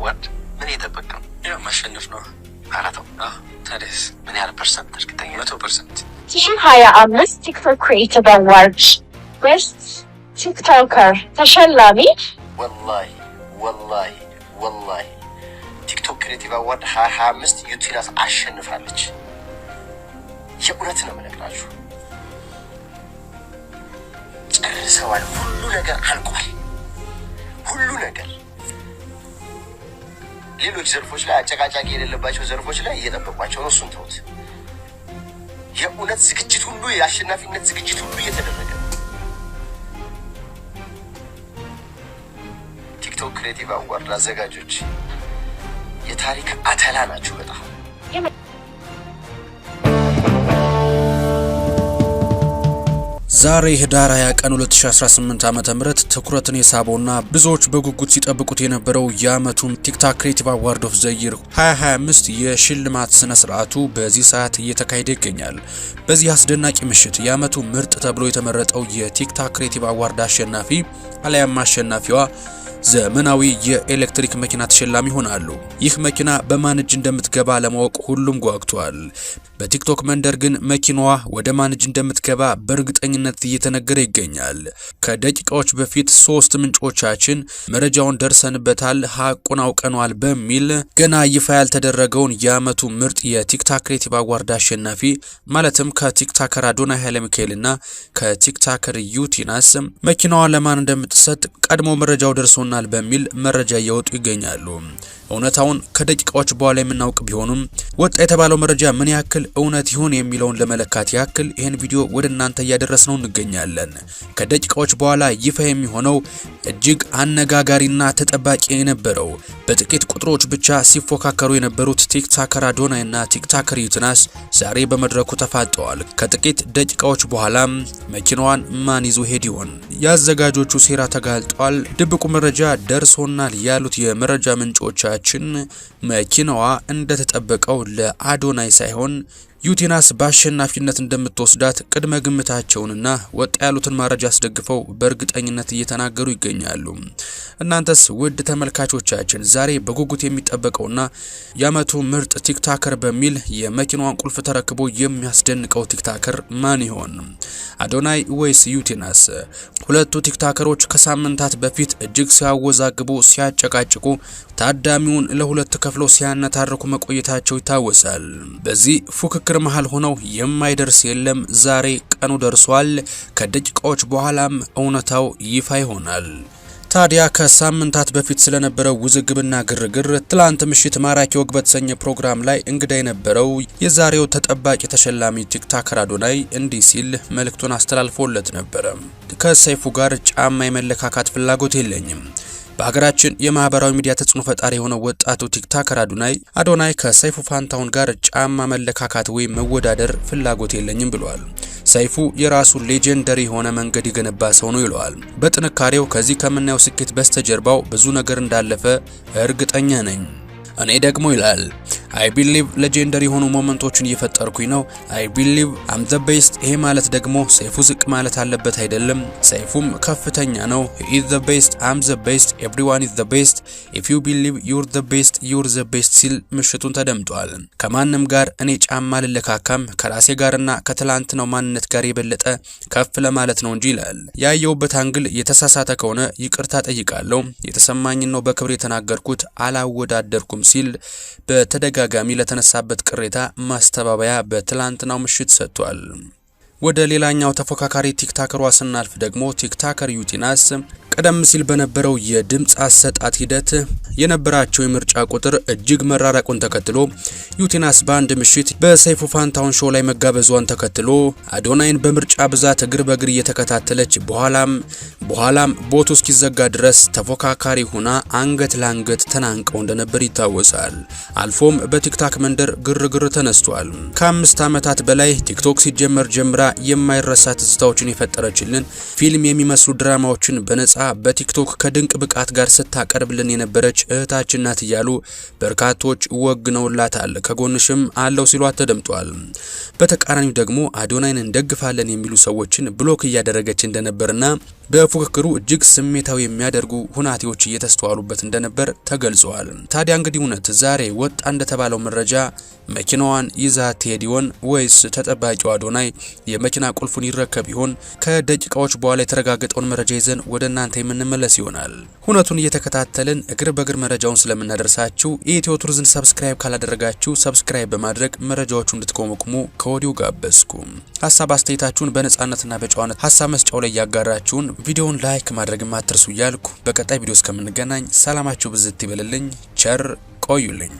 what? Many the become. Yeah, machine of no. Marathon. Ah, that is. Many other percentage. Little percent. Team Haya Amnes TikTok created a watch. Best TikToker. تشلمي؟ والله والله والله ቲክቶክ ክሬቲቭ አዋርድ ሀያ ሀያ አምስት ዩቲራስ አሸንፋለች። የእውነት ነው የምነግራችሁ። ጨርሰዋል። ሁሉ ነገር አልቋል። ሁሉ ነገር ሌሎች ዘርፎች ላይ አጨቃጫቂ የሌለባቸው ዘርፎች ላይ እየጠበቋቸው ነው። እሱን ተውት። የእውነት ዝግጅት ሁሉ የአሸናፊነት ዝግጅት ሁሉ እየተደረገ ነው። ቲክቶክ ክሬቲቭ አዋርድ አዘጋጆች የታሪክ አተላ ናቸው በጣም ዛሬ ህዳር 20 ቀን 2018 ዓ.ም ትኩረትን የሳበውና ብዙዎች በጉጉት ሲጠብቁት የነበረው የአመቱም ቲክታክ ክሬቲቭ አዋርድ ኦፍ ዘይር 2025 የሽልማት ስነ ስርዓቱ በዚህ ሰዓት እየተካሄደ ይገኛል። በዚህ አስደናቂ ምሽት የአመቱ ምርጥ ተብሎ የተመረጠው የቲክታክ ክሬቲቭ አዋርድ አሸናፊ አሊያም አሸናፊዋ ዘመናዊ የኤሌክትሪክ መኪና ተሸላሚ ይሆናሉ። ይህ መኪና በማን እጅ እንደምትገባ ለማወቅ ሁሉም ጓግቷል። በቲክቶክ መንደር ግን መኪናዋ ወደ ማን እጅ እንደምትገባ በእርግጠኝነት እየተነገረ ይገኛል። ከደቂቃዎች በፊት ሶስት ምንጮቻችን መረጃውን ደርሰንበታል፣ ሀቁን አውቀኗል በሚል ገና ይፋ ያልተደረገውን የአመቱ ምርጥ የቲክታክ ክሬቲቭ አዋርድ አሸናፊ ማለትም ከቲክታከር አዶና ኃይለ ሚካኤልና ከቲክታከር ዩቲናስ መኪናዋ ለማን እንደምትሰጥ ቀድሞ መረጃው ደርሶ ይሆናል በሚል መረጃ እየወጡ ይገኛሉ። እውነታውን ከደቂቃዎች በኋላ የምናውቅ ቢሆንም ወጣ የተባለው መረጃ ምን ያክል እውነት ይሆን የሚለውን ለመለካት ያክል ይህን ቪዲዮ ወደ እናንተ እያደረስነው እንገኛለን። ከደቂቃዎች በኋላ ይፋ የሚሆነው እጅግ አነጋጋሪና ተጠባቂ የነበረው በጥቂት ቁጥሮች ብቻ ሲፎካከሩ የነበሩት ቲክታከር አዶናይ እና ቲክታከር ዩትናስ ዛሬ በመድረኩ ተፋጠዋል። ከጥቂት ደቂቃዎች በኋላም መኪናዋን ማን ይዞ ሄድ ይሆን? የአዘጋጆቹ ሴራ ተጋልጧል፣ ድብቁ መረጃ ደርሶናል ያሉት የመረጃ ምንጮቻ መረጃችን መኪናዋ እንደተጠበቀው ለአዶናይ ሳይሆን ዩቲናስ በአሸናፊነት እንደምትወስዳት ቅድመ ግምታቸውንና ወጥ ያሉትን መረጃ አስደግፈው በእርግጠኝነት እየተናገሩ ይገኛሉ። እናንተስ ውድ ተመልካቾቻችን ዛሬ በጉጉት የሚጠበቀውና የአመቱ ምርጥ ቲክታከር በሚል የመኪናዋን ቁልፍ ተረክቦ የሚያስደንቀው ቲክታከር ማን ይሆን? አዶናይ ወይስ ዩቲናስ? ሁለቱ ቲክታከሮች ከሳምንታት በፊት እጅግ ሲያወዛግቡ፣ ሲያጨቃጭቁ ታዳሚውን ለሁለት ከፍለው ሲያነታርኩ መቆየታቸው ይታወሳል። በዚህ ፉክክ በፉክክር መሃል ሆነው የማይደርስ የለም። ዛሬ ቀኑ ደርሷል። ከደቂቃዎች በኋላም እውነታው ይፋ ይሆናል። ታዲያ ከሳምንታት በፊት ስለነበረው ውዝግብና ግርግር ትላንት ምሽት ማራኪ ወግ በተሰኘ ፕሮግራም ላይ እንግዳ የነበረው የዛሬው ተጠባቂ ተሸላሚ ቲክታከር አዶናይ እንዲህ ሲል መልእክቱን አስተላልፎለት ነበረ። ከሰይፉ ጋር ጫማ የመለካካት ፍላጎት የለኝም በሀገራችን የማህበራዊ ሚዲያ ተጽዕኖ ፈጣሪ የሆነው ወጣቱ ቲክታከር አዶናይ አዶናይ ከሰይፉ ፋንታውን ጋር ጫማ መለካካት ወይም መወዳደር ፍላጎት የለኝም ብሏል። ሰይፉ የራሱ ሌጀንደሪ የሆነ መንገድ የገነባ ሰው ነው ይለዋል። በጥንካሬው ከዚህ ከምናየው ስኬት በስተጀርባው ብዙ ነገር እንዳለፈ እርግጠኛ ነኝ። እኔ ደግሞ ይላል አይ ቢሊቭ ሌጀንደሪ የሆኑ ሞመንቶችን እየፈጠርኩኝ ነው። አይ ቢሊቭ አም ዘ ቤስት። ይሄ ማለት ደግሞ ሰይፉ ዝቅ ማለት አለበት አይደለም፣ ሰይፉም ከፍተኛ ነው። ኢዝ ዘ ቤስት፣ አም ዘ ቤስት፣ ኤቭሪዋን ኢዝ ዘ ቤስት፣ ኢፍ ዩ ቢሊቭ ዩር ዘ ቤስት፣ ዩር ዘ ቤስት ሲል ምሽቱን ተደምጧል። ከማንም ጋር እኔ ጫማ ልለካካም ከራሴ ጋርና ከትላንትናው ማንነት ጋር የበለጠ ከፍ ለማለት ነው እንጂ ይላል። ያየውበት አንግል የተሳሳተ ከሆነ ይቅርታ ጠይቃለሁ። የተሰማኝን ነው በክብር የተናገርኩት፣ አላወዳደርኩም ሲል በተደጋ በተደጋጋሚ ለተነሳበት ቅሬታ ማስተባበያ በትላንትናው ምሽት ሰጥቷል። ወደ ሌላኛው ተፎካካሪ ቲክታከሯ ስናልፍ ደግሞ ቲክታከር ዩቲናስ ቀደም ሲል በነበረው የድምፅ አሰጣጥ ሂደት የነበራቸው የምርጫ ቁጥር እጅግ መራራቁን ተከትሎ ዩቲናስ በአንድ ምሽት በሰይፉ ፋንታውን ሾው ላይ መጋበዟን ተከትሎ አዶናይን በምርጫ ብዛት እግር በእግር እየተከታተለች በኋላም በኋላም ቦቱ እስኪዘጋ ድረስ ተፎካካሪ ሆና አንገት ለአንገት ተናንቀው እንደነበር ይታወሳል። አልፎም በቲክታክ መንደር ግርግር ተነስቷል። ከአምስት ዓመታት በላይ ቲክቶክ ሲጀመር ጀምራ የማይረሳ ትዝታዎችን የፈጠረችልን ፊልም የሚመስሉ ድራማዎችን በነጻ በቲክቶክ ከድንቅ ብቃት ጋር ስታቀርብልን የነበረች እህታችን ናት እያሉ በርካቶች ወግነውላታል። ከጎንሽም አለው ሲሏት ተደምጧል። በተቃራኒው ደግሞ አዶናይን እንደግፋለን የሚሉ ሰዎችን ብሎክ እያደረገች እንደነበርና በፉክክሩ እጅግ ስሜታዊ የሚያደርጉ ሁናቴዎች እየተስተዋሉበት እንደነበር ተገልጿል። ታዲያ እንግዲህ እውነት ዛሬ ወጣ እንደተባለው መረጃ መኪናዋን ይዛ ትሄድ ይሆን ወይስ ተጠባቂው አዶናይ የመኪና ቁልፉን ይረከብ ይሆን? ከደቂቃዎች በኋላ የተረጋገጠውን መረጃ ይዘን ወደ እናንተ የምንመለስ ይሆናል። ሁነቱን እየተከታተልን እግር በእግር መረጃውን ስለምናደርሳችሁ የኢትዮ ቱሪዝን ሰብስክራይብ ካላደረጋችሁ ሰብስክራይብ በማድረግ መረጃዎቹ እንድትቆመቁሙ ከወዲሁ ጋበዝኩ። ሀሳብ አስተያየታችሁን በነጻነትና በጨዋነት ሀሳብ መስጫው ላይ ያጋራችሁን ቪዲዮውን ላይክ ማድረግም አትርሱ እያልኩ በቀጣይ ቪዲዮ እስከምንገናኝ ሰላማችሁ ብዝት ይበልልኝ። ቸር ቆዩልኝ።